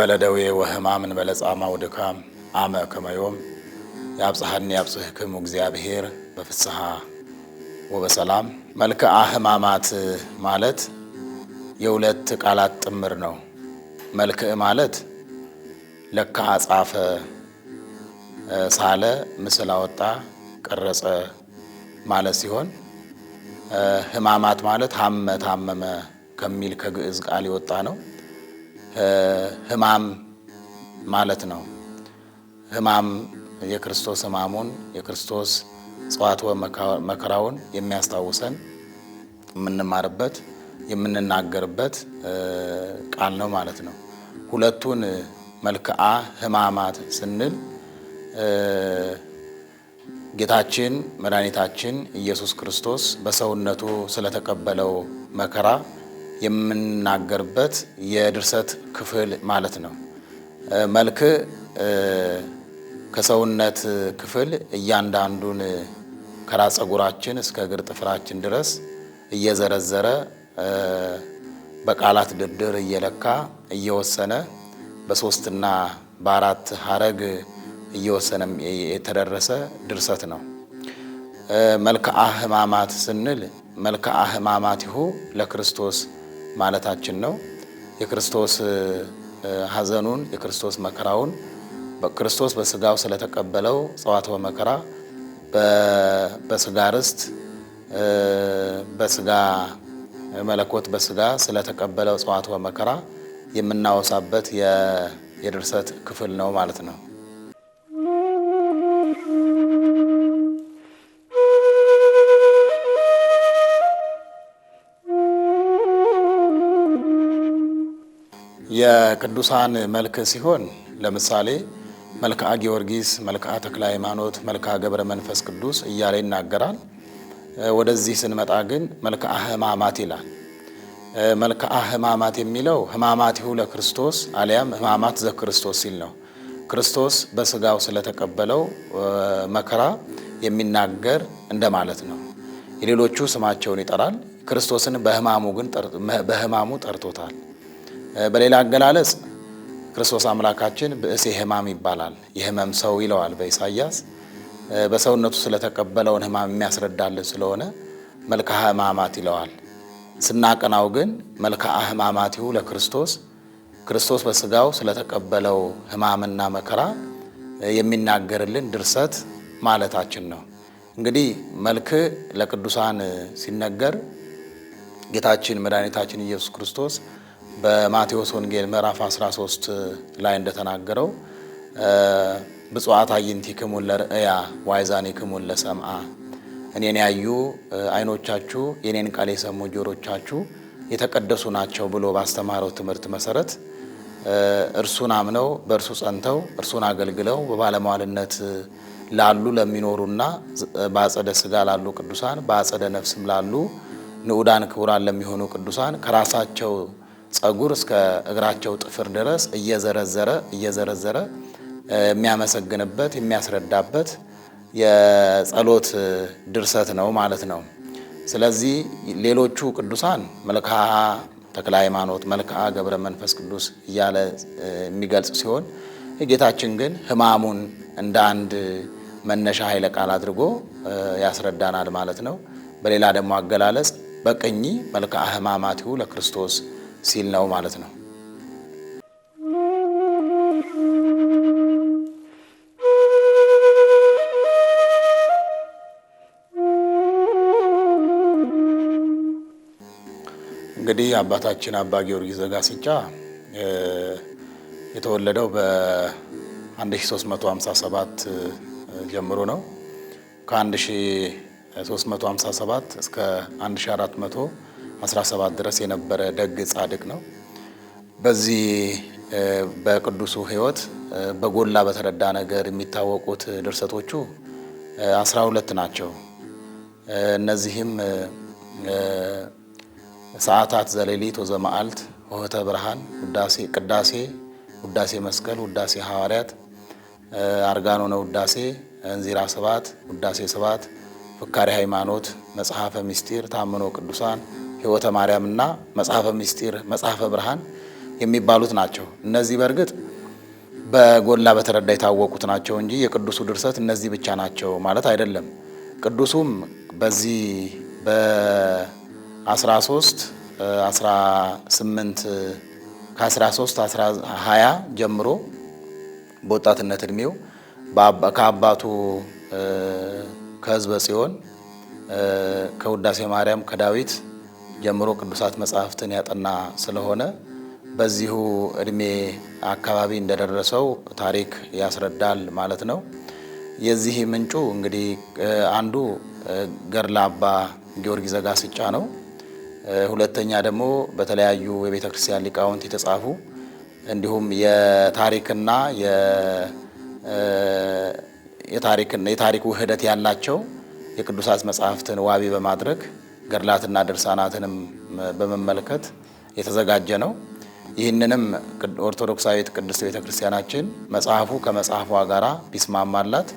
በለደዌ ወህማምን በለጻማው ድካም አመ ከመዮም የአብጽሐኒ ያብጽሕክሙ እግዚአብሔር በፍስሓ ወበሰላም። መልክዓ ሕማማት ማለት የሁለት ቃላት ጥምር ነው። መልክዕ ማለት ለካ፣ አጻፈ፣ ሳለ፣ ምስል አወጣ፣ ቀረጸ ማለት ሲሆን ሕማማት ማለት ሀመ ታመመ ከሚል ከግዕዝ ቃል የወጣ ነው። ህማም ማለት ነው። ህማም የክርስቶስ ህማሙን የክርስቶስ ጽዋት መከራውን የሚያስታውሰን የምንማርበት የምንናገርበት ቃል ነው ማለት ነው። ሁለቱን መልክዓ ህማማት ስንል ጌታችን መድኃኒታችን ኢየሱስ ክርስቶስ በሰውነቱ ስለተቀበለው መከራ የምናገርበት የድርሰት ክፍል ማለት ነው። መልክ ከሰውነት ክፍል እያንዳንዱን ከራስ ፀጉራችን እስከ እግር ጥፍራችን ድረስ እየዘረዘረ በቃላት ድርድር እየለካ እየወሰነ በሶስትና በአራት ሀረግ እየወሰነ የተደረሰ ድርሰት ነው። መልክአ ሕማማት ስንል መልክዓ ይሁ ለክርስቶስ ማለታችን ነው። የክርስቶስ ሐዘኑን የክርስቶስ መከራውን ክርስቶስ በስጋው ስለተቀበለው ጸዋትወ መከራ በስጋ ርስት በስጋ መለኮት በስጋ ስለተቀበለው ጸዋትወ መከራ የምናወሳበት የድርሰት ክፍል ነው ማለት ነው። የቅዱሳን መልክ ሲሆን ለምሳሌ መልክዓ ጊዮርጊስ፣ መልክዓ ተክለ ሃይማኖት፣ መልክዓ ገብረ መንፈስ ቅዱስ እያለ ይናገራል። ወደዚህ ስንመጣ ግን መልክዓ ሕማማት ይላል። መልክዓ ሕማማት የሚለው ሕማማቲሁ ለክርስቶስ አሊያም ሕማማት ዘክርስቶስ ሲል ነው። ክርስቶስ በስጋው ስለተቀበለው መከራ የሚናገር እንደማለት ነው። የሌሎቹ ስማቸውን ይጠራል፣ ክርስቶስን በሕማሙ ግን በሕማሙ ጠርቶታል። በሌላ አገላለጽ ክርስቶስ አምላካችን ብእሴ ህማም ይባላል። የህመም ሰው ይለዋል በኢሳያስ በሰውነቱ ስለተቀበለውን ህማም የሚያስረዳልን ስለሆነ መልካ ህማማት ይለዋል። ስናቀናው ግን መልክዓ ሕማማቲሁ ለክርስቶስ ክርስቶስ በስጋው ስለተቀበለው ህማምና መከራ የሚናገርልን ድርሰት ማለታችን ነው። እንግዲህ መልክ ለቅዱሳን ሲነገር ጌታችን መድኃኒታችን ኢየሱስ ክርስቶስ በማቴዎስ ወንጌል ምዕራፍ 13 ላይ እንደተናገረው ብፁዓት አዕይንቲክሙን ለርእያ ወአእዛኒክሙን ለሰምዓ፣ እኔን ያዩ አይኖቻችሁ የኔን ቃል የሰሙ ጆሮቻችሁ የተቀደሱ ናቸው ብሎ ባስተማረው ትምህርት መሰረት እርሱን አምነው በእርሱ ጸንተው እርሱን አገልግለው በባለመዋልነት ላሉ ለሚኖሩና በአጸደ ስጋ ላሉ ቅዱሳን በአጸደ ነፍስም ላሉ ንዑዳን ክቡራን ለሚሆኑ ቅዱሳን ከራሳቸው ጸጉር እስከ እግራቸው ጥፍር ድረስ እየዘረዘረ እየዘረዘረ የሚያመሰግንበት የሚያስረዳበት የጸሎት ድርሰት ነው ማለት ነው። ስለዚህ ሌሎቹ ቅዱሳን መልካ ተክለ ሃይማኖት፣ መልካ ገብረ መንፈስ ቅዱስ እያለ የሚገልጽ ሲሆን ጌታችን ግን ሕማሙን እንደ አንድ መነሻ ኃይለ ቃል አድርጎ ያስረዳናል ማለት ነው። በሌላ ደግሞ አገላለጽ በቅኚ መልክዓ ሕማማቲሁ ለክርስቶስ ሲል ነው ማለት ነው። እንግዲህ አባታችን አባ ጊዮርጊስ ዘጋስጫ የተወለደው በ1357 ጀምሮ ነው። ከ1357 እስከ 1400 17 ድረስ የነበረ ደግ ጻድቅ ነው። በዚህ በቅዱሱ ሕይወት በጎላ በተረዳ ነገር የሚታወቁት ድርሰቶቹ 12 ናቸው። እነዚህም ሰዓታት ዘሌሊት ወዘመዓልት ኆኅተ ብርሃን፣ ቅዳሴ፣ ውዳሴ መስቀል፣ ውዳሴ ሐዋርያት፣ አርጋኖነ ውዳሴ፣ እንዚራ ስብሐት፣ ውዳሴ እንዚራ ሰባት ውዳሴ ሰባት ፍካሬ ሃይማኖት፣ መጽሐፈ ምስጢር፣ ታምኖ ቅዱሳን ሕይወተ ማርያምና መጽሐፈ ምስጢር፣ መጽሐፈ ብርሃን የሚባሉት ናቸው። እነዚህ በእርግጥ በጎላ በተረዳ የታወቁት ናቸው እንጂ የቅዱሱ ድርሰት እነዚህ ብቻ ናቸው ማለት አይደለም። ቅዱሱም በዚህ በ13 18 ከ13 20 ጀምሮ በወጣትነት እድሜው ከአባቱ ከህዝበ ጽዮን ከውዳሴ ማርያም ከዳዊት ጀምሮ ቅዱሳት መጽሐፍትን ያጠና ስለሆነ በዚሁ እድሜ አካባቢ እንደደረሰው ታሪክ ያስረዳል ማለት ነው። የዚህ ምንጩ እንግዲህ አንዱ ገድለ አባ ጊዮርጊስ ዘጋስጫ ነው። ሁለተኛ ደግሞ በተለያዩ የቤተ ክርስቲያን ሊቃውንት የተጻፉ እንዲሁም የታሪክና የታሪክ ውህደት ያላቸው የቅዱሳት መጽሐፍትን ዋቢ በማድረግ ገድላትና ድርሳናትንም በመመልከት የተዘጋጀ ነው። ይህንንም ኦርቶዶክሳዊት ቅድስት ቤተ ክርስቲያናችን መጽሐፉ ከመጽሐፏ ጋር ቢስማማላት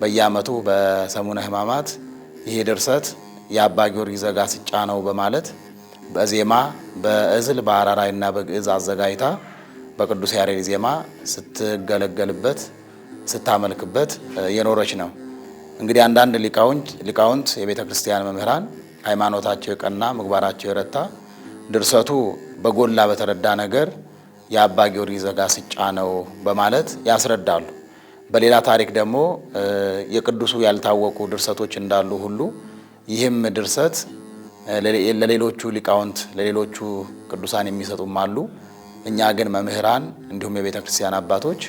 በየዓመቱ በሰሙነ ሕማማት ይሄ ድርሰት የአባ ጊዮርጊስ ዘጋስጫ ነው በማለት በዜማ በእዝል በአራራይና በግዕዝ አዘጋጅታ በቅዱስ ያሬድ ዜማ ስትገለገልበት ስታመልክበት የኖረች ነው። እንግዲህ አንዳንድ ሊቃውንት የቤተ ክርስቲያን መምህራን ሃይማኖታቸው የቀና ምግባራቸው የረታ ድርሰቱ በጎላ በተረዳ ነገር የአባ ጊዮርጊስ ዘጋስጫ ነው በማለት ያስረዳሉ። በሌላ ታሪክ ደግሞ የቅዱሱ ያልታወቁ ድርሰቶች እንዳሉ ሁሉ ይህም ድርሰት ለሌሎቹ ሊቃውንት ለሌሎቹ ቅዱሳን የሚሰጡም አሉ። እኛ ግን መምህራን እንዲሁም የቤተ ክርስቲያን አባቶች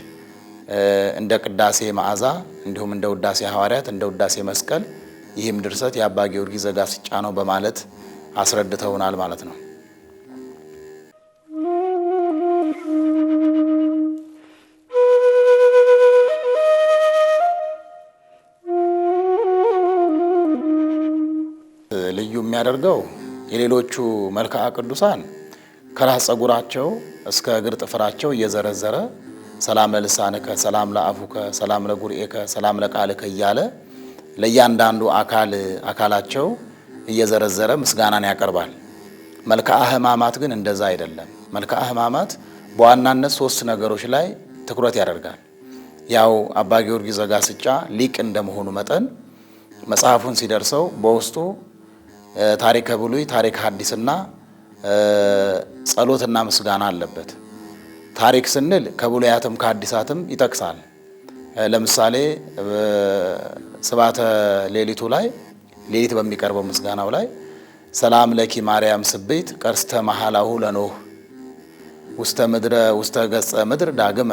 እንደ ቅዳሴ መዓዛ እንዲሁም እንደ ውዳሴ ሐዋርያት እንደ ውዳሴ መስቀል ይህም ድርሰት የአባ ጊዮርጊስ ዘጋስጫ ነው በማለት አስረድተውናል ማለት ነው። ልዩ የሚያደርገው የሌሎቹ መልክዓ ቅዱሳን ከራስ ጸጉራቸው እስከ እግር ጥፍራቸው እየዘረዘረ ሰላም ለልሳንከ፣ ሰላም ለአፉከ፣ ሰላም ለጉርኤከ፣ ሰላም ለቃልከ እያለ ለእያንዳንዱ አካል አካላቸው እየዘረዘረ ምስጋናን ያቀርባል። መልክዓ ሕማማት ግን እንደዛ አይደለም። መልክዓ ሕማማት በዋናነት ሶስት ነገሮች ላይ ትኩረት ያደርጋል። ያው አባ ጊዮርጊስ ዘጋስጫ ሊቅ እንደመሆኑ መጠን መጽሐፉን ሲደርሰው በውስጡ ታሪከ ብሉይ፣ ታሪክ ሐዲስና ጸሎትና ምስጋና አለበት። ታሪክ ስንል ከብሉያትም ከሐዲሳትም ይጠቅሳል። ለምሳሌ ስባተ ሌሊቱ ላይ ሌሊት በሚቀርበው ምስጋናው ላይ ሰላም ለኪ ማርያም ስቤት ቀርስተ መሐላሁ ለኖህ ውስተ ምድረ ውስተ ገጸ ምድር ዳግመ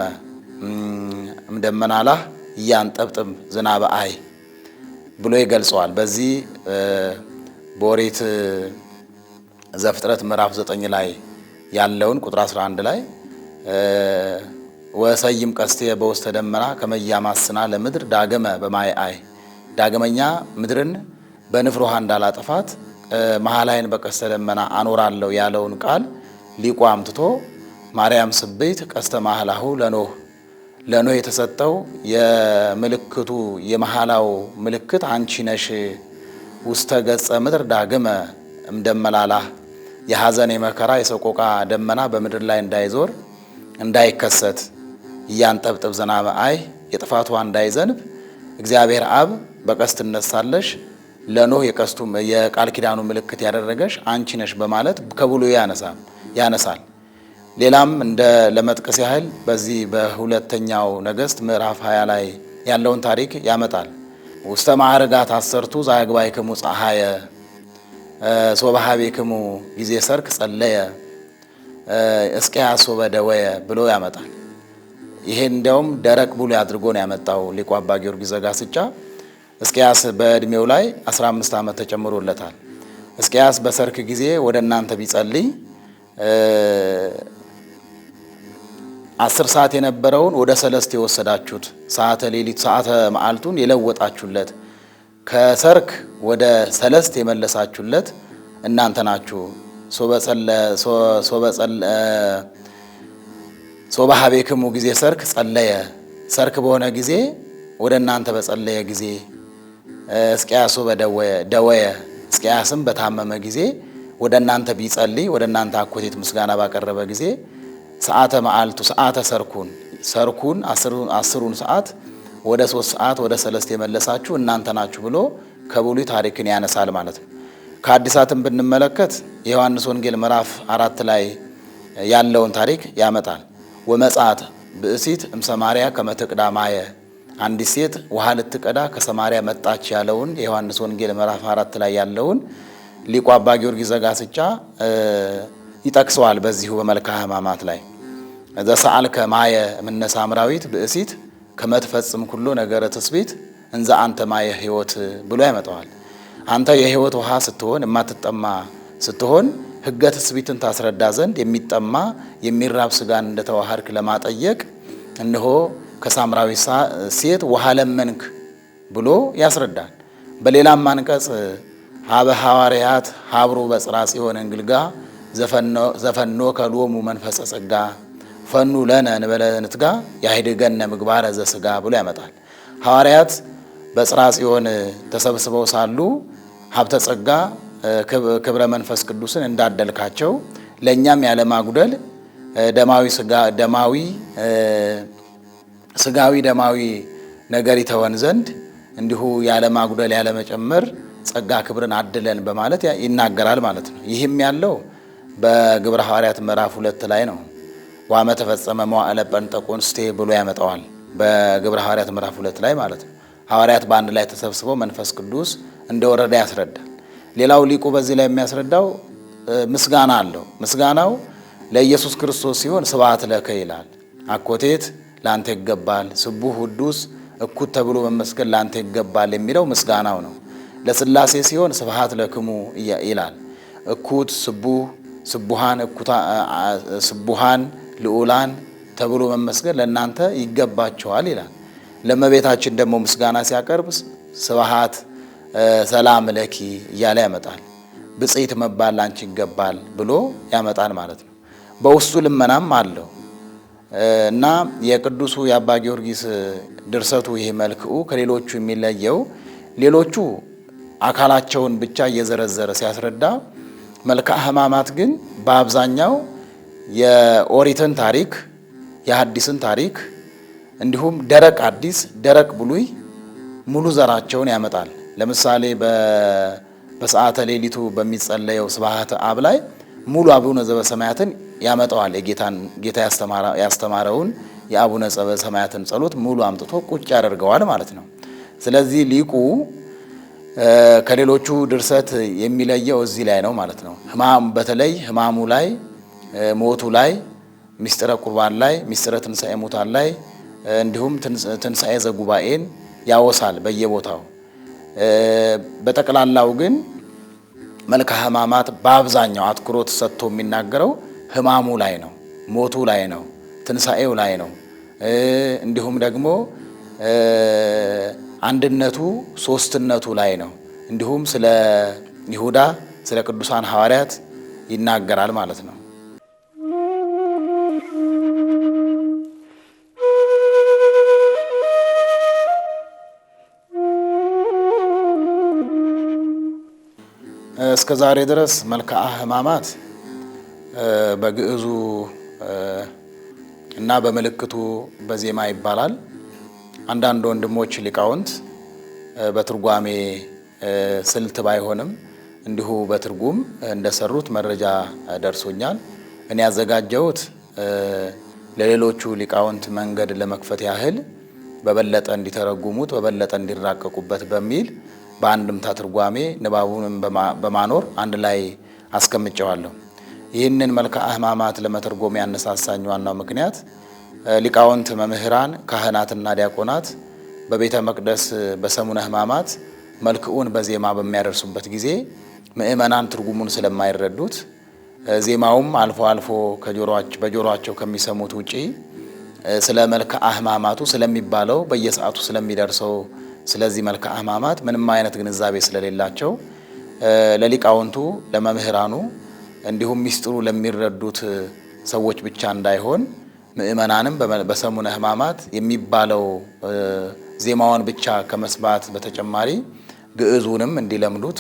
እምደመናላህ እያንጠብጥም ዝናበ አይ ብሎ ይገልጸዋል። በዚህ በኦሪት ዘፍጥረት ምዕራፍ 9 ላይ ያለውን ቁጥር 11 ላይ ወሰይም ቀስቴ በውስተ ደመና ከመያማስና ለምድር ዳግመ በማይ አይ ዳግመኛ ምድርን በንፍር ውሃ እንዳላጠፋት መሐላይን በቀስተ ደመና አኖራለሁ ያለውን ቃል ሊቁ አምትቶ ማርያም ስቤት ቀስተ ማህላሁ ለኖህ ለኖህ የተሰጠው የምልክቱ የመሃላው ምልክት አንቺ ነሽ። ውስተ ገጸ ምድር ዳግመ እምደመላላህ የሐዘን የመከራ የሰቆቃ ደመና በምድር ላይ እንዳይዞር እንዳይከሰት እያንጠብጥብ ዝናበ አይ የጥፋቷ እንዳይዘንብ እግዚአብሔር አብ በቀስት እነሳለሽ ለኖህ የቀስቱ የቃል ኪዳኑ ምልክት ያደረገሽ አንቺ ነሽ በማለት ከብሉ ያነሳል። ሌላም እንደ ለመጥቀስ ያህል በዚህ በሁለተኛው ነገስት ምዕራፍ 20 ላይ ያለውን ታሪክ ያመጣል። ውስተ ማዕርጋት አሰርቱ ዛግባይክሙ ፀሐየ ሶባሃቤ ሶባሃቤክሙ ጊዜ ሰርክ ጸለየ እስቀያ ሶበደወየ ብሎ ያመጣል። ይሄ እንዲያውም ደረቅ ብሎ አድርጎ ነው ያመጣው ሊቁ አባ ጊዮርጊስ ዘጋስጫ። እስቅያስ በእድሜው ላይ 15 ዓመት ተጨምሮለታል። እስቅያስ በሰርክ ጊዜ ወደ እናንተ ቢጸልይ አስር ሰዓት የነበረውን ወደ ሰለስት የወሰዳችሁት ሰዓተ ሌሊት ሰዓተ መዓልቱን የለወጣችሁለት ከሰርክ ወደ ሰለስት የመለሳችሁለት እናንተ ናችሁ ሶበጸለ ሶባ ሀቤክሙ ጊዜ ሰርክ ጸለየ ሰርክ በሆነ ጊዜ ወደ እናንተ በጸለየ ጊዜ እስቅያሱ በደወየ እስቅያስም በታመመ ጊዜ ወደ እናንተ ቢጸልይ ወደ እናንተ አኮቴት ምስጋና ባቀረበ ጊዜ ሰዓተ መዓልቱ ሰዓተ ሰርኩን ሰርኩን አስሩን ሰዓት ወደ ሶስት ሰዓት ወደ ሰለስት የመለሳችሁ እናንተ ናችሁ ብሎ ከብሉይ ታሪክን ያነሳል ማለት ነው። ከአዲሳትም ብንመለከት የዮሐንስ ወንጌል ምዕራፍ አራት ላይ ያለውን ታሪክ ያመጣል። ወመጻት ብእሲት እምሰማርያ ማየ አንዲት ሴት ውሃ ልትቀዳ ከሰማርያ መጣች ያለውን የዮሐንስ ወንጌል ምዕራፍ አራት ላይ ያለውን ሊቁ አባ ጊዮርጊስ ዘጋስጫ ይጠቅሰዋል። በዚሁ በመልክአ ሕማማት ላይ ዘሰአልከ ማየ እምነ ሳምራዊት ብእሲት ከመትፈጽም ኩሎ ነገረ ትስብእት እንዘ አንተ ማየ ሕይወት ብሎ ያመጣዋል። አንተ የሕይወት ውሃ ስትሆን የማትጠማ ስትሆን ሕገ ትስብእትን ታስረዳ ዘንድ የሚጠማ የሚራብ ሥጋን እንደተዋሃድክ ለማጠየቅ እነሆ ከሳምራዊ ሴት ውሃ ለመንክ ብሎ ያስረዳል። በሌላም አንቀጽ ሀበ ሐዋርያት ሀብሮ በጽራ ጽዮን እንግልጋ ዘፈኖ ከሎሙ መንፈሰ ጸጋ ፈኑ ለነ እንበለ ንትጋ ያህድገነ ምግባረ ዘሥጋ ብሎ ያመጣል። ሐዋርያት በጽራ ጽዮን ተሰብስበው ሳሉ ሀብተ ጸጋ ክብረ መንፈስ ቅዱስን እንዳደልካቸው ለእኛም ያለማጉደል ደማዊ ደማዊ ስጋዊ ደማዊ ነገር ይተወን ዘንድ እንዲሁ ያለማጉደል ያለመጨመር ጸጋ ክብርን አድለን በማለት ይናገራል ማለት ነው። ይህም ያለው በግብረ ሐዋርያት ምዕራፍ ሁለት ላይ ነው። ዋመ ተፈጸመ መዋዕለ ስቴ ብሎ ያመጣዋል። በግብረ ሐዋርያት ምዕራፍ ሁለት ላይ ማለት ነው። ሐዋርያት በአንድ ላይ ተሰብስበው መንፈስ ቅዱስ እንደወረደ ያስረዳ ሌላው ሊቁ በዚህ ላይ የሚያስረዳው ምስጋና አለው። ምስጋናው ለኢየሱስ ክርስቶስ ሲሆን ስብሐት ለከ ይላል። አኮቴት ለአንተ ይገባል፣ ስቡህ ውዱስ እኩት ተብሎ መመስገን ለአንተ ይገባል የሚለው ምስጋናው ነው። ለስላሴ ሲሆን ስብሐት ለክሙ ይላል። እኩት፣ ስቡህ፣ ስቡሃን፣ ልዑላን ተብሎ መመስገን ለእናንተ ይገባቸዋል ይላል። ለመቤታችን ደግሞ ምስጋና ሲያቀርብ ስብሐት ሰላም ለኪ እያለ ያመጣል። ብጽዕት መባል ላንቺ ይገባል ብሎ ያመጣል ማለት ነው። በውስጡ ልመናም አለው እና የቅዱሱ የአባ ጊዮርጊስ ድርሰቱ ይህ መልክዑ ከሌሎቹ የሚለየው ሌሎቹ አካላቸውን ብቻ እየዘረዘረ ሲያስረዳ፣ መልክአ ሕማማት ግን በአብዛኛው የኦሪትን ታሪክ የሐዲስን ታሪክ እንዲሁም ደረቅ አዲስ ደረቅ ብሉይ ሙሉ ዘራቸውን ያመጣል። ለምሳሌ በሰዓተ ሌሊቱ በሚጸለየው ስብሐተ አብ ላይ ሙሉ አቡነ ዘበሰማያትን ያመጣዋል። የጌታን ጌታ ያስተማረውን የአቡነ ዘበሰማያትን ጸሎት ሙሉ አምጥቶ ቁጭ ያደርገዋል ማለት ነው። ስለዚህ ሊቁ ከሌሎቹ ድርሰት የሚለየው እዚህ ላይ ነው ማለት ነው። ህማም በተለይ ህማሙ ላይ፣ ሞቱ ላይ፣ ሚስጥረ ቁርባን ላይ፣ ሚስጥረ ትንሣኤ ሙታን ላይ እንዲሁም ትንሣኤ ዘጉባኤን ያወሳል በየቦታው በጠቅላላው ግን መልካ ሕማማት በአብዛኛው አትኩሮት ሰጥቶ የሚናገረው ሕማሙ ላይ ነው፣ ሞቱ ላይ ነው፣ ትንሣኤው ላይ ነው። እንዲሁም ደግሞ አንድነቱ ሶስትነቱ ላይ ነው። እንዲሁም ስለ ይሁዳ ስለ ቅዱሳን ሐዋርያት ይናገራል ማለት ነው። እስከ ዛሬ ድረስ መልክዓ ሕማማት በግዕዙ እና በምልክቱ በዜማ ይባላል። አንዳንድ ወንድሞች ሊቃውንት በትርጓሜ ስልት ባይሆንም እንዲሁ በትርጉም እንደሰሩት መረጃ ደርሶኛል። እኔ ያዘጋጀሁት ለሌሎቹ ሊቃውንት መንገድ ለመክፈት ያህል በበለጠ እንዲተረጉሙት በበለጠ እንዲራቀቁበት በሚል በአንድምታ ትርጓሜ ንባቡንም በማኖር አንድ ላይ አስቀምጨዋለሁ። ይህንን መልካ ሕማማት ለመተርጎም ያነሳሳኝ ዋናው ምክንያት ሊቃውንት መምህራን፣ ካህናትና ዲያቆናት በቤተ መቅደስ በሰሙነ ሕማማት መልክዑን በዜማ በሚያደርሱበት ጊዜ ምእመናን ትርጉሙን ስለማይረዱት ዜማውም አልፎ አልፎ በጆሮቸው ከሚሰሙት ውጪ ስለ መልክአ ሕማማቱ ስለሚባለው በየሰዓቱ ስለሚደርሰው ስለዚህ መልክዓ ሕማማት ምንም አይነት ግንዛቤ ስለሌላቸው ለሊቃውንቱ፣ ለመምህራኑ እንዲሁም ሚስጥሩ ለሚረዱት ሰዎች ብቻ እንዳይሆን ምእመናንም በሰሙነ ሕማማት የሚባለው ዜማውን ብቻ ከመስማት በተጨማሪ ግዕዙንም እንዲለምዱት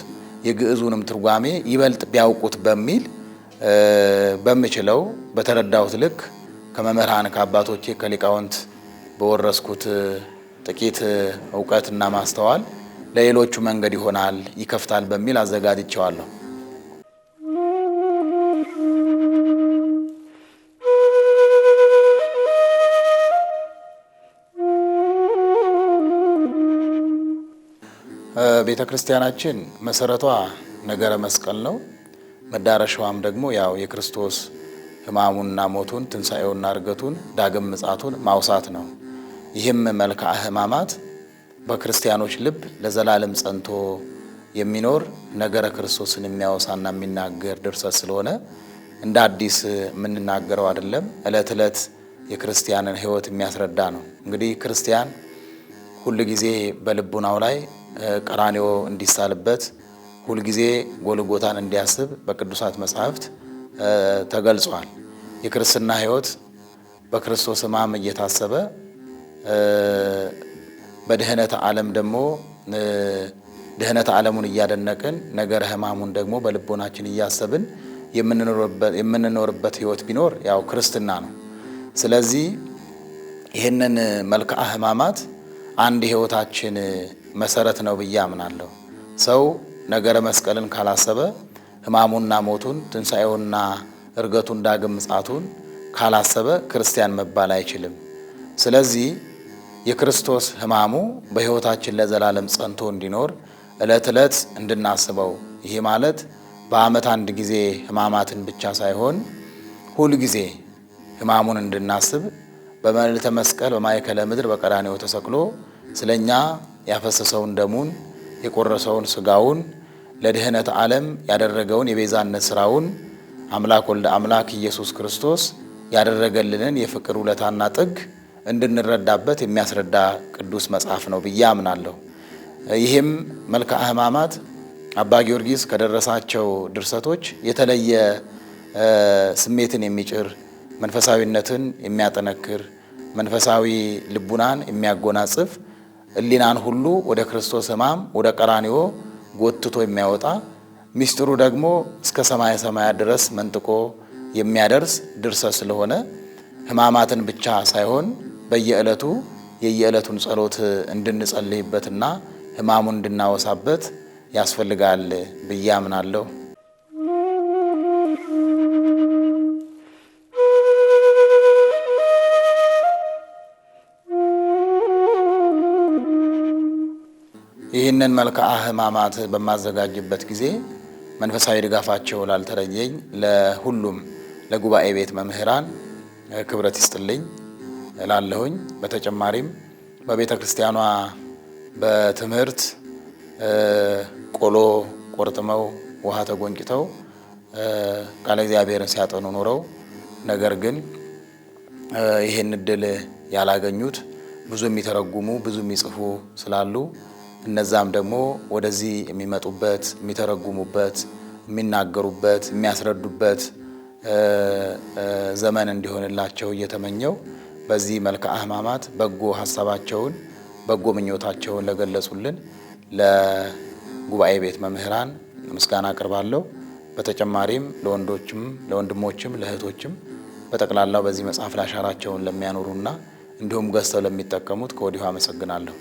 የግዕዙንም ትርጓሜ ይበልጥ ቢያውቁት በሚል በምችለው በተረዳሁት ልክ ከመምህራን ከአባቶቼ ከሊቃውንት በወረስኩት ጥቂት እውቀትና ማስተዋል ለሌሎቹ መንገድ ይሆናል ይከፍታል በሚል አዘጋጅቸዋለሁ። ቤተ ክርስቲያናችን መሰረቷ ነገረ መስቀል ነው። መዳረሻዋም ደግሞ ያው የክርስቶስ ሕማሙንና ሞቱን ትንሣኤውና እርገቱን ዳግም ምጻቱን ማውሳት ነው። ይህም መልክዓ ሕማማት በክርስቲያኖች ልብ ለዘላለም ጸንቶ የሚኖር ነገረ ክርስቶስን የሚያወሳና የሚናገር ድርሰት ስለሆነ እንደ አዲስ የምንናገረው አይደለም። ዕለት ዕለት የክርስቲያንን ሕይወት የሚያስረዳ ነው። እንግዲህ ክርስቲያን ሁልጊዜ በልቡናው ላይ ቀራንዮ እንዲሳልበት ሁልጊዜ ጎልጎታን እንዲያስብ በቅዱሳት መጻሕፍት ተገልጿል። የክርስትና ሕይወት በክርስቶስ ሕማም እየታሰበ በድህነት ዓለም ደግሞ ድህነት ዓለሙን እያደነቅን ነገር ህማሙን ደግሞ በልቦናችን እያሰብን የምንኖርበት ህይወት ቢኖር ያው ክርስትና ነው። ስለዚህ ይህንን መልክዓ ህማማት አንድ ህይወታችን መሰረት ነው ብዬ አምናለሁ። ሰው ነገረ መስቀልን ካላሰበ ህማሙና ሞቱን ትንሣኤውና እርገቱን ዳግም ምጻቱን ካላሰበ ክርስቲያን መባል አይችልም። ስለዚህ የክርስቶስ ሕማሙ በሕይወታችን ለዘላለም ጸንቶ እንዲኖር ዕለት ዕለት እንድናስበው ይህ ማለት በዓመት አንድ ጊዜ ሕማማትን ብቻ ሳይሆን ሁል ጊዜ ሕማሙን እንድናስብ በመልዕልተ መስቀል በማእከለ ምድር በቀራንዮ ተሰቅሎ ስለ እኛ ያፈሰሰውን ደሙን የቆረሰውን ሥጋውን ለድህነት ዓለም ያደረገውን የቤዛነት ሥራውን አምላክ ወልደ አምላክ ኢየሱስ ክርስቶስ ያደረገልንን የፍቅር ውለታና ጥግ እንድንረዳበት የሚያስረዳ ቅዱስ መጽሐፍ ነው ብዬ አምናለሁ። ይህም መልክአ ሕማማት አባ ጊዮርጊስ ከደረሳቸው ድርሰቶች የተለየ ስሜትን የሚጭር መንፈሳዊነትን የሚያጠነክር መንፈሳዊ ልቡናን የሚያጎናጽፍ ሕሊናን ሁሉ ወደ ክርስቶስ ሕማም ወደ ቀራንዮ ጎትቶ የሚያወጣ ሚስጢሩ ደግሞ እስከ ሰማየ ሰማያት ድረስ መንጥቆ የሚያደርስ ድርሰት ስለሆነ ሕማማትን ብቻ ሳይሆን በየዕለቱ የየዕለቱን ጸሎት እንድንጸልይበትና ሕማሙን እንድናወሳበት ያስፈልጋል ብዬ አምናለሁ። ይህንን መልክዓ ሕማማት በማዘጋጅበት ጊዜ መንፈሳዊ ድጋፋቸው ላልተለየኝ ለሁሉም ለጉባኤ ቤት መምህራን ክብረት ይስጥልኝ እላለሁኝ። በተጨማሪም በቤተ ክርስቲያኗ በትምህርት ቆሎ ቆርጥመው ውሃ ተጎንጭተው ቃለ እግዚአብሔርን ሲያጠኑ ኑረው ነገር ግን ይህን እድል ያላገኙት ብዙ የሚተረጉሙ ብዙ የሚጽፉ ስላሉ እነዛም ደግሞ ወደዚህ የሚመጡበት የሚተረጉሙበት፣ የሚናገሩበት፣ የሚያስረዱበት ዘመን እንዲሆንላቸው እየተመኘው በዚህ መልክዓ ሕማማት በጎ ሀሳባቸውን በጎ ምኞታቸውን ለገለጹልን ለጉባኤ ቤት መምህራን ምስጋና አቅርባለሁ። በተጨማሪም ለወንዶችም ለወንድሞችም ለእህቶችም በጠቅላላው በዚህ መጽሐፍ ላይ አሻራቸውን ለሚያኖሩና እንዲሁም ገዝተው ለሚጠቀሙት ከወዲሁ አመሰግናለሁ።